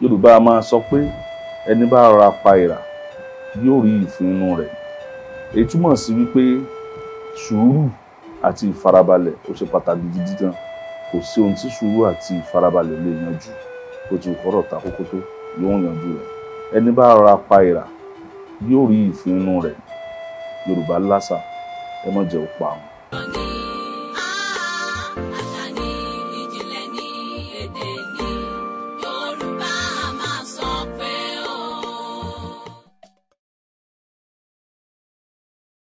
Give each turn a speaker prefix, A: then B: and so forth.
A: yorùbá máa sọ pé ẹni bá rọra pa ìrà
B: yóò rí ìfun inú rẹ̀ èyí túmọ̀ sí wípé sùúrù àti ìfarabalẹ̀ ó ṣe pàtàkì gidi gan kò sí ohun tí sùúrù àti ìfarabalẹ̀ lè yanjú kó ti kọ́rọ̀ ta kókó tó yóò yanjú rẹ̀ ẹni bá rọra pa ìrà yóò rí ìfin inú
C: rẹ̀ yorùbá lásà ẹ má jẹ́ ó wọn.